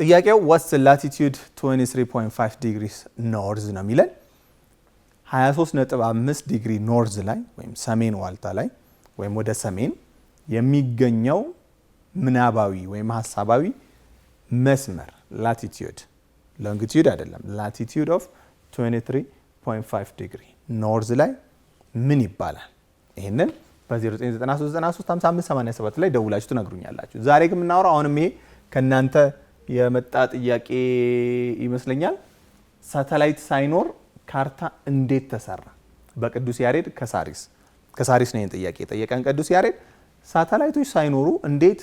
ጥያቄው ዋትስ ላቲቲዩድ 23.5 ዲግሪ ኖርዝ ነው የሚለን 23.5 ዲግሪ ኖርዝ ላይ ወይም ሰሜን ዋልታ ላይ ወይም ወደ ሰሜን የሚገኘው ምናባዊ ወይም ሀሳባዊ መስመር ላቲቱድ ሎንግቲዩድ አይደለም፣ ላቲቱድ ኦፍ 23.5 ዲግሪ ኖርዝ ላይ ምን ይባላል? ይህንን በ0993935587 ላይ ደውላችሁ ትነግሩኛላችሁ። ዛሬ ግን የምናወራው አሁንም ይሄ ከእናንተ የመጣ ጥያቄ ይመስለኛል። ሳተላይት ሳይኖር ካርታ እንዴት ተሰራ? በቅዱስ ያሬድ ከሳሪስ ከሳሪስ ነው ይህን ጥያቄ የጠየቀን ቅዱስ ያሬድ። ሳተላይቶች ሳይኖሩ እንዴት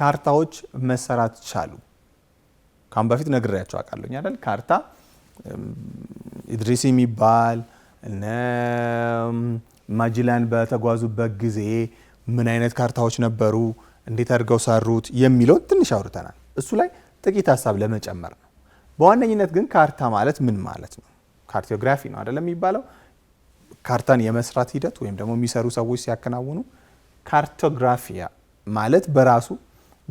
ካርታዎች መሰራት ቻሉ? ካሁን በፊት ነግሬያቸው አውቃለሁኝ አይደል? ካርታ ኢድሪስ የሚባል እነ ማጅላን በተጓዙበት ጊዜ ምን አይነት ካርታዎች ነበሩ፣ እንዴት አድርገው ሰሩት የሚለውን ትንሽ አውርተናል። እሱ ላይ ጥቂት ሀሳብ ለመጨመር ነው። በዋነኝነት ግን ካርታ ማለት ምን ማለት ነው? ካርቲዮግራፊ ነው አደለም የሚባለው። ካርታን የመስራት ሂደት ወይም ደግሞ የሚሰሩ ሰዎች ሲያከናውኑ ካርቶግራፊያ ማለት በራሱ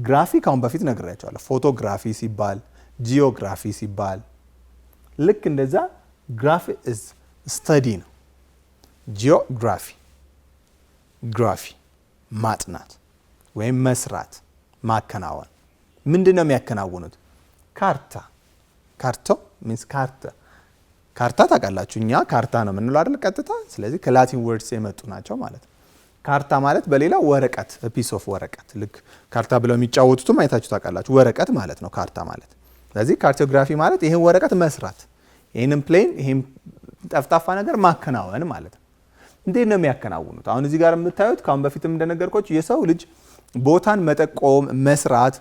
ግራፊ ካሁን በፊት ነግሬያቸዋለሁ። ፎቶግራፊ ሲባል፣ ጂኦግራፊ ሲባል ልክ እንደዛ ግራፊ እዝ ስተዲ ነው። ጂኦግራፊ ግራፊ ማጥናት ወይም መስራት ማከናወን ምንድን ነው የሚያከናውኑት? ካርታ ካርቶ ሚንስ ካርታ ካርታ ታውቃላችሁ፣ እኛ ካርታ ነው የምንለው አይደል? ቀጥታ ስለዚህ ከላቲን ወርድስ የመጡ ናቸው ማለት ነው። ካርታ ማለት በሌላ ወረቀት፣ ፒስ ኦፍ ወረቀት። ልክ ካርታ ብለው የሚጫወቱትም አይታችሁ ታውቃላችሁ። ወረቀት ማለት ነው ካርታ ማለት። ስለዚህ ካርቲዮግራፊ ማለት ይህን ወረቀት መስራት፣ ይህንም ፕሌን፣ ይህም ጠፍጣፋ ነገር ማከናወን ማለት ነው። እንዴት ነው የሚያከናውኑት? አሁን እዚህ ጋር የምታዩት ከአሁን በፊትም እንደነገርኳችሁ የሰው ልጅ ቦታን መጠቆም መስራት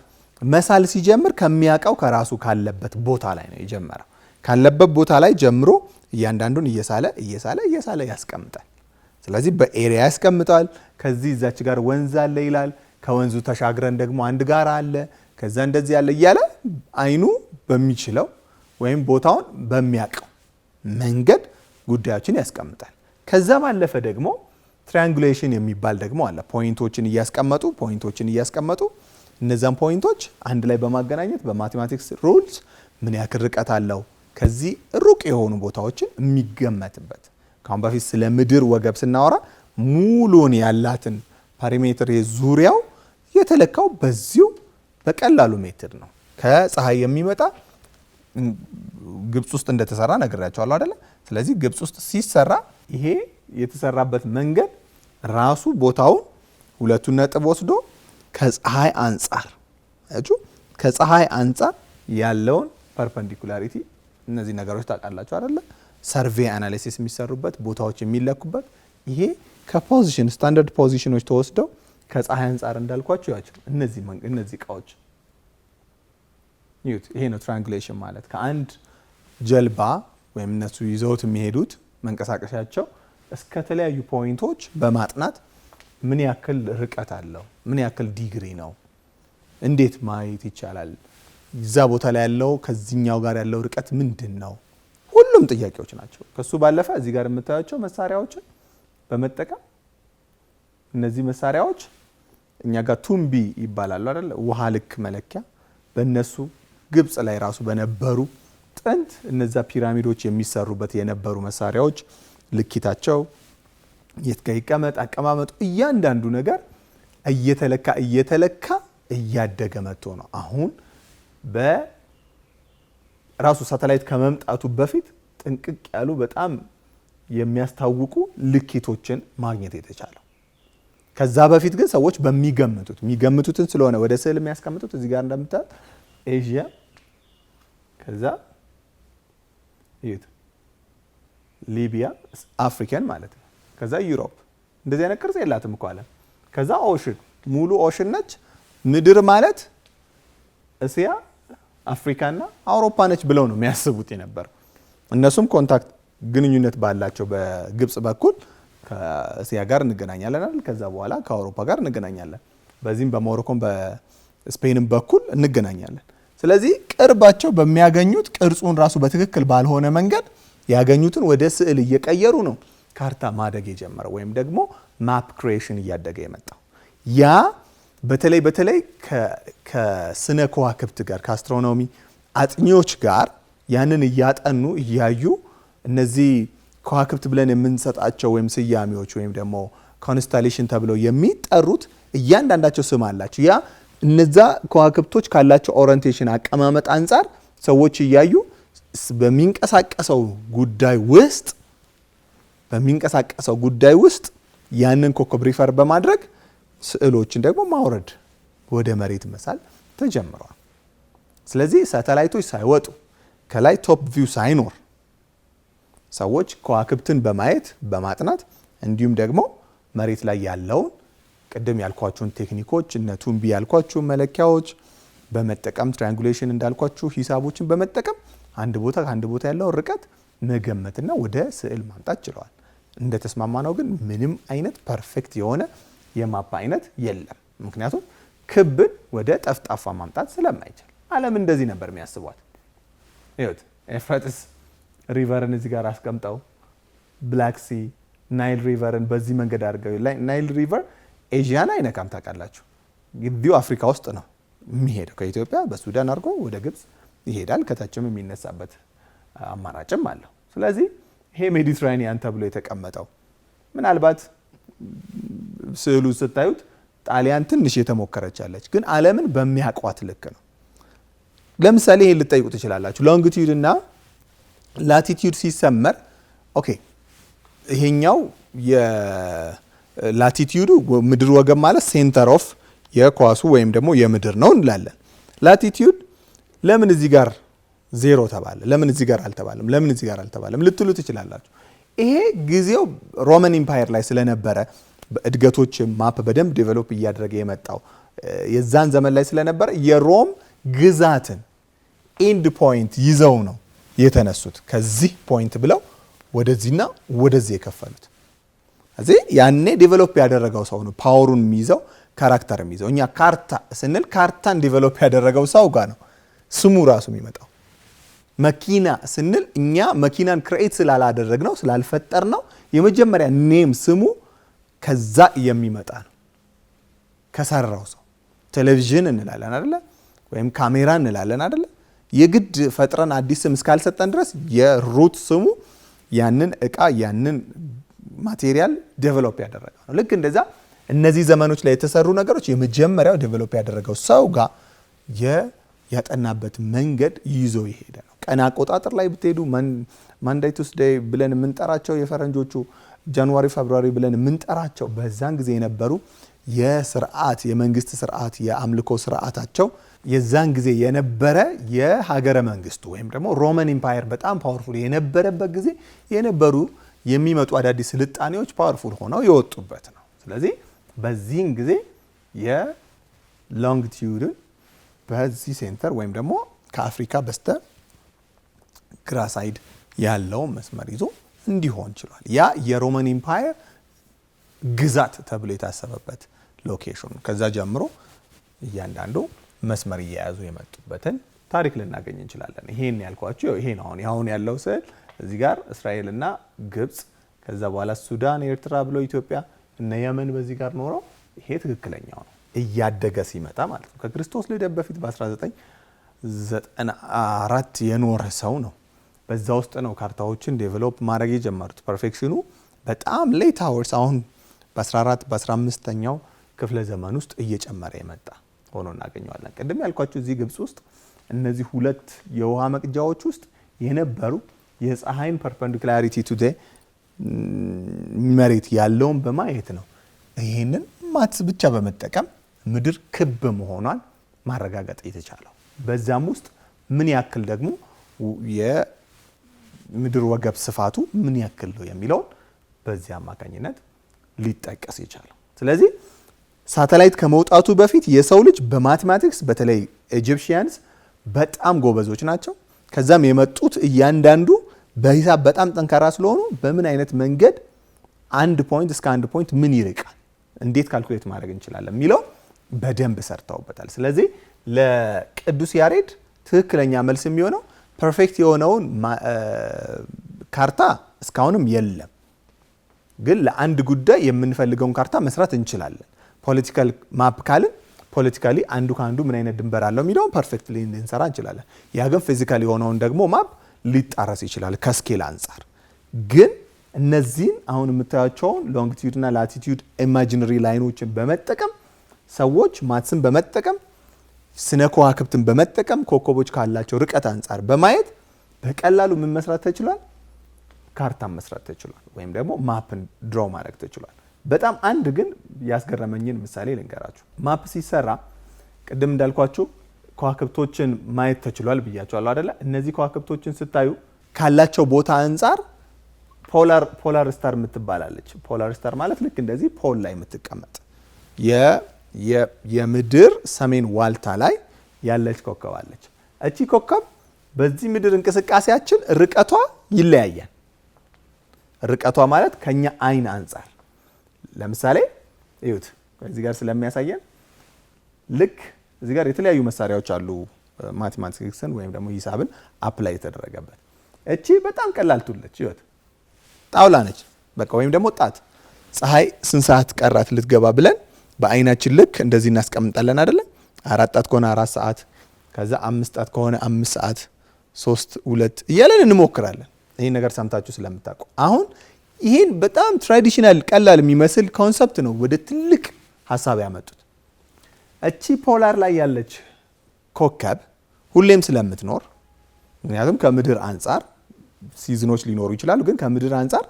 መሳል ሲጀምር ከሚያውቀው ከራሱ ካለበት ቦታ ላይ ነው የጀመረው። ካለበት ቦታ ላይ ጀምሮ እያንዳንዱን እየሳለ እየሳለ እየሳለ ያስቀምጣል። ስለዚህ በኤሪያ ያስቀምጣል። ከዚህ እዛች ጋር ወንዝ አለ ይላል። ከወንዙ ተሻግረን ደግሞ አንድ ጋር አለ፣ ከዛ እንደዚህ ያለ እያለ አይኑ በሚችለው ወይም ቦታውን በሚያውቀው መንገድ ጉዳዮችን ያስቀምጣል። ከዛ ባለፈ ደግሞ ትሪያንጉሌሽን የሚባል ደግሞ አለ። ፖይንቶችን እያስቀመጡ ፖይንቶችን እያስቀመጡ እነዚያን ፖይንቶች አንድ ላይ በማገናኘት በማቴማቲክስ ሩልስ ምን ያክል ርቀት አለው ከዚህ ሩቅ የሆኑ ቦታዎችን የሚገመትበት ከአሁን በፊት ስለ ምድር ወገብ ስናወራ ሙሉን ያላትን ፓሪሜትር ዙሪያው የተለካው በዚሁ በቀላሉ ሜትር ነው። ከፀሐይ የሚመጣ ግብፅ ውስጥ እንደተሰራ ነግሬያቸዋለሁ አደለ? ስለዚህ ግብፅ ውስጥ ሲሰራ ይሄ የተሰራበት መንገድ ራሱ ቦታውን ሁለቱን ነጥብ ወስዶ ከፀሐይ አንጻር ከፀሐይ አንጻር ያለውን ፐርፐንዲኩላሪቲ እነዚህ ነገሮች ታውቃላችሁ አይደለ? ሰርቬ አናሊሲስ የሚሰሩበት ቦታዎች የሚለኩበት ይሄ ከፖዚሽን ስታንዳርድ ፖዚሽኖች ተወስደው ከፀሐይ አንጻር እንዳልኳቸው ያቸው እነዚህ እነዚህ እቃዎች ዩት ይሄ ነው ትራንግሌሽን ማለት ከአንድ ጀልባ ወይም እነሱ ይዘውት የሚሄዱት መንቀሳቀሻቸው እስከ ተለያዩ ፖይንቶች በማጥናት ምን ያክል ርቀት አለው? ምን ያክል ዲግሪ ነው? እንዴት ማየት ይቻላል? እዛ ቦታ ላይ ያለው ከዚህኛው ጋር ያለው ርቀት ምንድን ነው? ሁሉም ጥያቄዎች ናቸው። ከሱ ባለፈ እዚህ ጋር የምታያቸው መሳሪያዎችን በመጠቀም እነዚህ መሳሪያዎች እኛ ጋር ቱምቢ ይባላሉ አይደለ? ውሃ ልክ መለኪያ በእነሱ ግብጽ ላይ ራሱ በነበሩ ጥንት እነዛ ፒራሚዶች የሚሰሩበት የነበሩ መሳሪያዎች ልኪታቸው የት ጋር ይቀመጥ፣ አቀማመጡ፣ እያንዳንዱ ነገር እየተለካ እየተለካ እያደገ መጥቶ ነው። አሁን በራሱ ሳተላይት ከመምጣቱ በፊት ጥንቅቅ ያሉ በጣም የሚያስታውቁ ልኬቶችን ማግኘት የተቻለው። ከዛ በፊት ግን ሰዎች በሚገምቱት የሚገምቱትን ስለሆነ ወደ ስዕል የሚያስቀምጡት እዚህ ጋር እንደምታዩት ኤዥያ ከዛ ሊቢያ አፍሪካን ማለት ነው ከዛ ዩሮፕ እንደዚህ አይነት ቅርጽ የላትም እኮ ከዛ ኦሽን ሙሉ ኦሽን ነች። ምድር ማለት እስያ አፍሪካና አውሮፓ ነች ብለው ነው የሚያስቡት የነበር። እነሱም ኮንታክት ግንኙነት ባላቸው በግብጽ በኩል ከእስያ ጋር እንገናኛለን፣ ከዛ በኋላ ከአውሮፓ ጋር እንገናኛለን፣ በዚህም በሞሮኮም በስፔንም በኩል እንገናኛለን። ስለዚህ ቅርባቸው በሚያገኙት ቅርጹን ራሱ በትክክል ባልሆነ መንገድ ያገኙትን ወደ ስዕል እየቀየሩ ነው ካርታ ማደግ የጀመረው ወይም ደግሞ ማፕ ክሬሽን እያደገ የመጣው ያ በተለይ በተለይ ከስነ ከዋክብት ጋር ከአስትሮኖሚ አጥኚዎች ጋር ያንን እያጠኑ እያዩ እነዚህ ከዋክብት ብለን የምንሰጣቸው ወይም ስያሜዎች ወይም ደግሞ ኮንስታሌሽን ተብለው የሚጠሩት እያንዳንዳቸው ስም አላቸው። ያ እነዛ ከዋክብቶች ካላቸው ኦሪንቴሽን አቀማመጥ አንጻር ሰዎች እያዩ በሚንቀሳቀሰው ጉዳይ ውስጥ በሚንቀሳቀሰው ጉዳይ ውስጥ ያንን ኮከብ ሪፈር በማድረግ ስዕሎችን ደግሞ ማውረድ ወደ መሬት መሳል ተጀምረዋል። ስለዚህ ሳተላይቶች ሳይወጡ ከላይ ቶፕ ቪው ሳይኖር ሰዎች ከዋክብትን በማየት በማጥናት እንዲሁም ደግሞ መሬት ላይ ያለውን ቅድም ያልኳችሁን ቴክኒኮች እነ ቱምቢ ያልኳችሁ መለኪያዎች በመጠቀም ትራያንጉሌሽን እንዳልኳችሁ ሂሳቦችን በመጠቀም አንድ ቦታ ከአንድ ቦታ ያለውን ርቀት መገመትና ወደ ስዕል ማምጣት ችለዋል። እንደተስማማ ነው። ግን ምንም አይነት ፐርፌክት የሆነ የማፕ አይነት የለም። ምክንያቱም ክብን ወደ ጠፍጣፋ ማምጣት ስለማይችል ዓለም እንደዚህ ነበር የሚያስቧት። ይኸውት ኤፍራጥስ ሪቨርን እዚህ ጋር አስቀምጠው፣ ብላክሲ ናይል ሪቨርን በዚህ መንገድ አድርገው። ናይል ሪቨር ኤዥያን አይነካም ታውቃላችሁ። ግቢው አፍሪካ ውስጥ ነው የሚሄደው። ከኢትዮጵያ በሱዳን አድርጎ ወደ ግብፅ ይሄዳል። ከታችም የሚነሳበት አማራጭም አለው። ስለዚህ ይሄ ሜዲትራኒያን ተብሎ የተቀመጠው ምናልባት ስዕሉ ስታዩት ጣሊያን ትንሽ የተሞከረች አለች፣ ግን ዓለምን በሚያቋት ልክ ነው። ለምሳሌ ይሄን ልጠይቁ ትችላላችሁ። ሎንግቲዩድ እና ላቲቲዩድ ሲሰመር ኦኬ፣ ይሄኛው የላቲቲዩዱ ምድር ወገብ ማለት ሴንተር ኦፍ የኳሱ ወይም ደግሞ የምድር ነው እንላለን። ላቲቲዩድ ለምን እዚህ ጋር ዜሮ ተባለ። ለምን እዚህ ጋር አልተባለም? ለምን እዚህ ጋር አልተባለም ልትሉ ትችላላችሁ። ይሄ ጊዜው ሮማን ኢምፓየር ላይ ስለነበረ በእድገቶች ማፕ በደንብ ዴቨሎፕ እያደረገ የመጣው የዛን ዘመን ላይ ስለነበረ የሮም ግዛትን ኤንድ ፖይንት ይዘው ነው የተነሱት። ከዚህ ፖይንት ብለው ወደዚህና ወደዚህ የከፈሉት እዚህ ያኔ ዴቨሎፕ ያደረገው ሰው ነው ፓወሩን የሚይዘው ካራክተር የሚይዘው። እኛ ካርታ ስንል ካርታን ዴቨሎፕ ያደረገው ሰው ጋር ነው ስሙ ራሱ የሚመጣው። መኪና ስንል እኛ መኪናን ክሬኤት ስላላደረግ ነው ስላልፈጠር ነው የመጀመሪያ ኔም ስሙ ከዛ የሚመጣ ነው ከሰራው ሰው ቴሌቪዥን እንላለን አደለ ወይም ካሜራ እንላለን አደለ የግድ ፈጥረን አዲስ ስም እስካልሰጠን ድረስ የሩት ስሙ ያንን እቃ ያንን ማቴሪያል ዴቨሎፕ ያደረገው ነው ልክ እንደዛ እነዚህ ዘመኖች ላይ የተሰሩ ነገሮች የመጀመሪያው ዴቨሎፕ ያደረገው ሰው ጋር ያጠናበት መንገድ ይዞ ይሄዳል ቀን አቆጣጠር ላይ ብትሄዱ ማንዳይ ቱስዴይ ብለን የምንጠራቸው የፈረንጆቹ ጃንዋሪ ፌብሩዋሪ ብለን የምንጠራቸው በዛን ጊዜ የነበሩ የስርዓት የመንግስት ስርዓት የአምልኮ ስርዓታቸው የዛን ጊዜ የነበረ የሀገረ መንግስቱ ወይም ደግሞ ሮማን ኢምፓየር በጣም ፓወርፉል የነበረበት ጊዜ የነበሩ የሚመጡ አዳዲስ ስልጣኔዎች ፓወርፉል ሆነው የወጡበት ነው። ስለዚህ በዚህን ጊዜ የሎንግቲዩድን በዚህ ሴንተር ወይም ደግሞ ከአፍሪካ በስተ ግራ ሳይድ ያለውን መስመር ይዞ እንዲሆን ችሏል። ያ የሮማን ኢምፓየር ግዛት ተብሎ የታሰበበት ሎኬሽን ከዛ ጀምሮ እያንዳንዱ መስመር እየያዙ የመጡበትን ታሪክ ልናገኝ እንችላለን። ይሄን ያልኳቸው ይሄ ነው። አሁን ያለው ስዕል እዚህ ጋር እስራኤልና ግብጽ፣ ከዛ በኋላ ሱዳን፣ ኤርትራ ብሎ ኢትዮጵያ እነ የመን በዚህ ጋር ኖረው ይሄ ትክክለኛው ነው እያደገ ሲመጣ ማለት ነው። ከክርስቶስ ልደት በፊት በ1994 የኖረ ሰው ነው በዛ ውስጥ ነው ካርታዎችን ዴቨሎፕ ማድረግ የጀመሩት። ፐርፌክሽኑ በጣም ሌት አወርስ አሁን በ14 በ15ኛው ክፍለ ዘመን ውስጥ እየጨመረ የመጣ ሆኖ እናገኘዋለን። ቅድም ያልኳቸው እዚህ ግብጽ ውስጥ እነዚህ ሁለት የውሃ መቅጃዎች ውስጥ የነበሩ የፀሐይን ፐርፐንዲኩላሪቲ ቱ መሬት ያለውን በማየት ነው። ይህንን ማትስ ብቻ በመጠቀም ምድር ክብ መሆኗን ማረጋገጥ የተቻለው በዛም ውስጥ ምን ያክል ደግሞ ምድር ወገብ ስፋቱ ምን ያክል ነው የሚለውን በዚህ አማካኝነት ሊጠቀስ ይቻላል። ስለዚህ ሳተላይት ከመውጣቱ በፊት የሰው ልጅ በማቴማቲክስ በተለይ ኢጂፕሽያንስ በጣም ጎበዞች ናቸው። ከዛም የመጡት እያንዳንዱ በሂሳብ በጣም ጠንካራ ስለሆኑ በምን አይነት መንገድ አንድ ፖይንት እስከ አንድ ፖይንት ምን ይርቃል፣ እንዴት ካልኩሌት ማድረግ እንችላለን የሚለው በደንብ ሰርተውበታል። ስለዚህ ለቅዱስ ያሬድ ትክክለኛ መልስ የሚሆነው ፐርፌክት የሆነውን ካርታ እስካሁንም የለም። ግን ለአንድ ጉዳይ የምንፈልገውን ካርታ መስራት እንችላለን። ፖለቲካል ማፕ ካልን ፖለቲካሊ አንዱ ከአንዱ ምን አይነት ድንበር አለው የሚለውን ፐርፌክት ልንሰራ እንችላለን። ያ ግን ፊዚካል የሆነውን ደግሞ ማፕ ሊጣረስ ይችላል ከስኬል አንጻር። ግን እነዚህን አሁን የምታያቸውን ሎንግቲዩድ ላቲቲዩድ ኢማጂነሪ ላይኖችን በመጠቀም ሰዎች ማትስን በመጠቀም ስነ ከዋክብትን በመጠቀም ኮከቦች ካላቸው ርቀት አንጻር በማየት በቀላሉ ምን መስራት ተችሏል? ካርታን መስራት ተችሏል፣ ወይም ደግሞ ማፕን ድሮ ማድረግ ተችሏል። በጣም አንድ ግን ያስገረመኝን ምሳሌ ልንገራችሁ። ማፕ ሲሰራ ቅድም እንዳልኳችሁ ከዋክብቶችን ማየት ተችሏል ብያችኋለሁ አደለ? እነዚህ ከዋክብቶችን ስታዩ ካላቸው ቦታ አንጻር ፖላር ስታር የምትባላለች። ፖላር ስታር ማለት ልክ እንደዚህ ፖል ላይ የምትቀመጥ የምድር ሰሜን ዋልታ ላይ ያለች ኮከብ አለች። እቺ ኮከብ በዚህ ምድር እንቅስቃሴያችን ርቀቷ ይለያያል። ርቀቷ ማለት ከኛ አይን አንጻር ለምሳሌ እዩት፣ እዚህ ጋር ስለሚያሳየን ልክ እዚህ ጋር የተለያዩ መሳሪያዎች አሉ፣ ማቴማቲክስን ወይም ደግሞ ሂሳብን አፕላይ የተደረገበት። እቺ በጣም ቀላል ቱለች እዩት፣ ጣውላ ነች በቃ ወይም ደግሞ ጣት። ፀሐይ ስንት ሰዓት ቀራት ልትገባ ብለን በአይናችን ልክ እንደዚህ እናስቀምጣለን አደለ? አራት ጣት ከሆነ አራት ሰዓት፣ ከዛ አምስት ጣት ከሆነ አምስት ሰዓት፣ ሶስት ሁለት እያለን እንሞክራለን። ይህን ነገር ሰምታችሁ ስለምታውቁ አሁን ይህን በጣም ትራዲሽናል ቀላል የሚመስል ኮንሰፕት ነው ወደ ትልቅ ሀሳብ ያመጡት። እቺ ፖላር ላይ ያለች ኮከብ ሁሌም ስለምትኖር ምክንያቱም ከምድር አንጻር ሲዝኖች ሊኖሩ ይችላሉ፣ ግን ከምድር አንጻር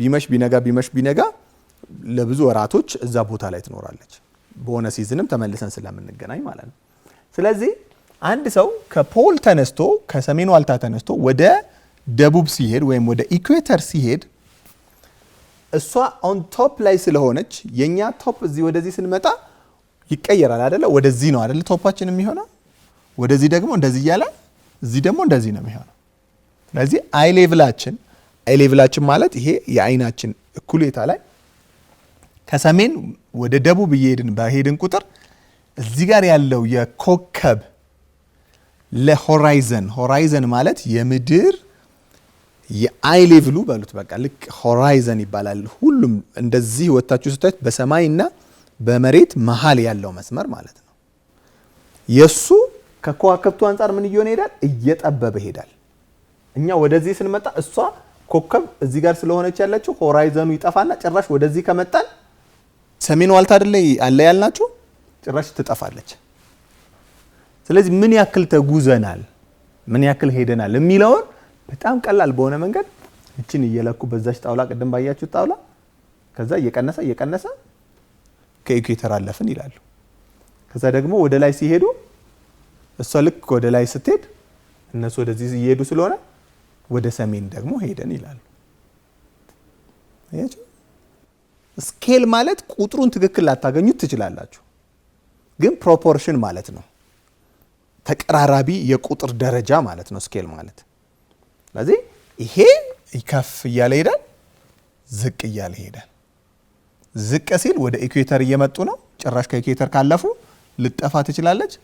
ቢመሽ ቢነጋ ቢመሽ ቢነጋ ለብዙ ወራቶች እዛ ቦታ ላይ ትኖራለች። በሆነ ሲዝንም ተመልሰን ስለምንገናኝ ማለት ነው። ስለዚህ አንድ ሰው ከፖል ተነስቶ ከሰሜን ዋልታ ተነስቶ ወደ ደቡብ ሲሄድ ወይም ወደ ኢኩዌተር ሲሄድ እሷ ኦን ቶፕ ላይ ስለሆነች የእኛ ቶፕ እዚህ ወደዚህ ስንመጣ ይቀየራል አደለ? ወደዚህ ነው አደለ? ቶፓችን የሚሆነው ወደዚህ ደግሞ እንደዚህ እያለ እዚህ ደግሞ እንደዚህ ነው የሚሆነው። ስለዚህ አይ ሌቭላችን አይ ሌቭላችን ማለት ይሄ የአይናችን እኩሌታ ላይ ከሰሜን ወደ ደቡብ እየሄድን በሄድን ቁጥር እዚህ ጋር ያለው የኮከብ ለሆራይዘን ሆራይዘን ማለት የምድር የአይ ሌቭሉ በሉት በቃ ልክ ሆራይዘን ይባላል። ሁሉም እንደዚህ ወታችሁ ስታዩት በሰማይና በመሬት መሀል ያለው መስመር ማለት ነው። የእሱ ከከዋክብቱ አንጻር ምን እየሆነ ይሄዳል? እየጠበበ ይሄዳል። እኛ ወደዚህ ስንመጣ እሷ ኮከብ እዚህ ጋር ስለሆነች ያለችው ሆራይዘኑ ይጠፋና ጭራሽ ወደዚህ ከመጣን ሰሜን ዋልታ አይደለ አለ ያልናችሁ ጭራሽ ትጠፋለች። ስለዚህ ምን ያክል ተጉዘናል፣ ምን ያክል ሄደናል የሚለውን በጣም ቀላል በሆነ መንገድ እችን እየለኩ በዛች ጣውላ ቅድም ባያችሁ ጣውላ ከዛ እየቀነሰ እየቀነሰ ከኢኩዌተር አለፍን ይላሉ። ከዛ ደግሞ ወደ ላይ ሲሄዱ እሷ ልክ ወደ ላይ ስትሄድ እነሱ ወደዚህ እየሄዱ ስለሆነ ወደ ሰሜን ደግሞ ሄደን ይላሉ። ስኬል ማለት ቁጥሩን ትክክል ላታገኙት ትችላላችሁ፣ ግን ፕሮፖርሽን ማለት ነው። ተቀራራቢ የቁጥር ደረጃ ማለት ነው ስኬል ማለት። ስለዚህ ይሄ ከፍ እያለ ይሄዳል፣ ዝቅ እያለ ይሄዳል። ዝቅ ሲል ወደ ኢኩዌተር እየመጡ ነው። ጭራሽ ከኢኩዌተር ካለፉ ልጠፋ ትችላለች።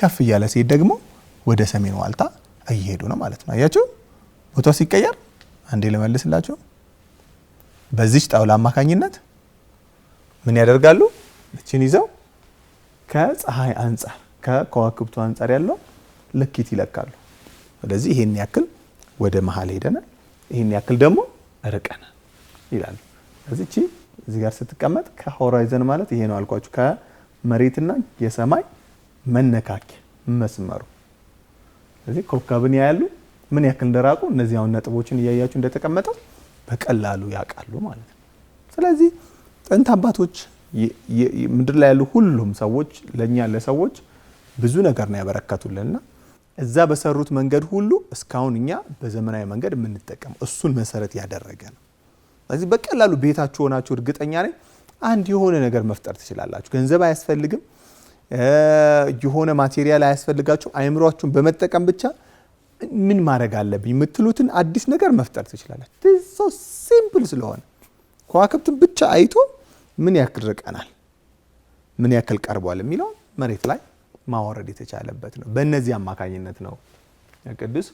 ከፍ እያለ ሲሄድ ደግሞ ወደ ሰሜን ዋልታ እየሄዱ ነው ማለት ነው። አያችሁ ቦታው ሲቀየር። አንዴ ልመልስላችሁ። በዚች ጣውላ አማካኝነት ምን ያደርጋሉ? እችን ይዘው ከፀሐይ አንጻር ከከዋክብቱ አንጻር ያለው ልኪት ይለካሉ። ስለዚህ ይሄን ያክል ወደ መሀል ሄደናል፣ ይሄን ያክል ደግሞ ርቀናል ይላሉ። ስለዚህ እቺ እዚህ ጋር ስትቀመጥ ከሆራይዘን ማለት ይሄ ነው አልኳችሁ፣ ከመሬትና የሰማይ መነካኪያ መስመሩ። ስለዚህ ኮከብን ያያሉ፣ ምን ያክል እንደራቁ እነዚህ አሁን ነጥቦችን እያያችሁ እንደተቀመጠው በቀላሉ ያውቃሉ ማለት ነው። ስለዚህ ጥንት አባቶች ምድር ላይ ያሉ ሁሉም ሰዎች ለእኛ ለሰዎች ብዙ ነገር ነው ያበረከቱልንና እዛ በሰሩት መንገድ ሁሉ እስካሁን እኛ በዘመናዊ መንገድ የምንጠቀም እሱን መሰረት ያደረገ ነው። ስለዚህ በቀላሉ ቤታችሁ ሆናችሁ እርግጠኛ ነኝ አንድ የሆነ ነገር መፍጠር ትችላላችሁ። ገንዘብ አያስፈልግም፣ የሆነ ማቴሪያል አያስፈልጋችሁ። አይምሯችሁን በመጠቀም ብቻ ምን ማድረግ አለብኝ የምትሉትን አዲስ ነገር መፍጠር ትችላላችሁ። ሶ ሲምፕል ስለሆነ ከዋክብትን ብቻ አይቶ ምን ያክል ርቀናል፣ ምን ያክል ቀርቧል የሚለው መሬት ላይ ማወረድ የተቻለበት ነው። በእነዚህ አማካኝነት ነው ቅዱስ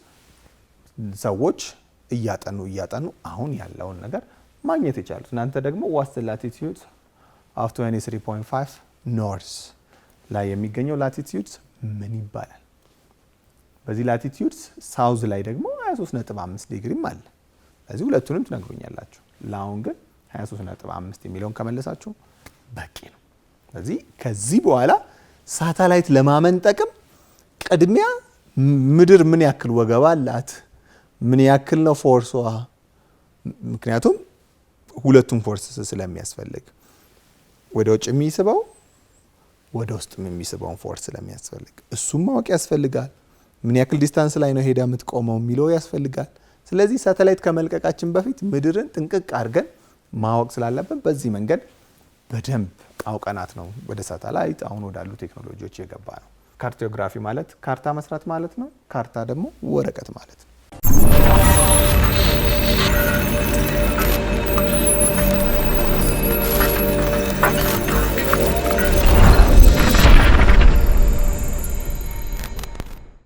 ሰዎች እያጠኑ እያጠኑ አሁን ያለውን ነገር ማግኘት የቻሉት። እናንተ ደግሞ ዋስት ላቲቲዩድ አፍ 23.5 ኖርስ ላይ የሚገኘው ላቲቲዩድ ምን ይባላል? በዚህ ላቲትዩድ ሳውዝ ላይ ደግሞ 23.5 ዲግሪም አለ። በዚህ ሁለቱንም ትነግሩኛላችሁ። ለአሁን ግን 23.5 የሚለውን ከመለሳችሁ በቂ ነው። ስለዚህ ከዚህ በኋላ ሳተላይት ለማመንጠቅም ቅድሚያ ምድር ምን ያክል ወገብ አላት፣ ምን ያክል ነው ፎርሷ፣ ምክንያቱም ሁለቱም ፎርስ ስለሚያስፈልግ ወደ ውጭ የሚስበው ወደ ውስጥም የሚስበውን ፎርስ ስለሚያስፈልግ እሱም ማወቅ ያስፈልጋል። ምን ያክል ዲስታንስ ላይ ነው ሄዳ የምትቆመው የሚለው ያስፈልጋል። ስለዚህ ሳተላይት ከመልቀቃችን በፊት ምድርን ጥንቅቅ አድርገን ማወቅ ስላለብን በዚህ መንገድ በደንብ አውቀናት ነው ወደ ሳተላይት አሁን ወዳሉ ቴክኖሎጂዎች የገባ ነው። ካርቲዮግራፊ ማለት ካርታ መስራት ማለት ነው። ካርታ ደግሞ ወረቀት ማለት ነው።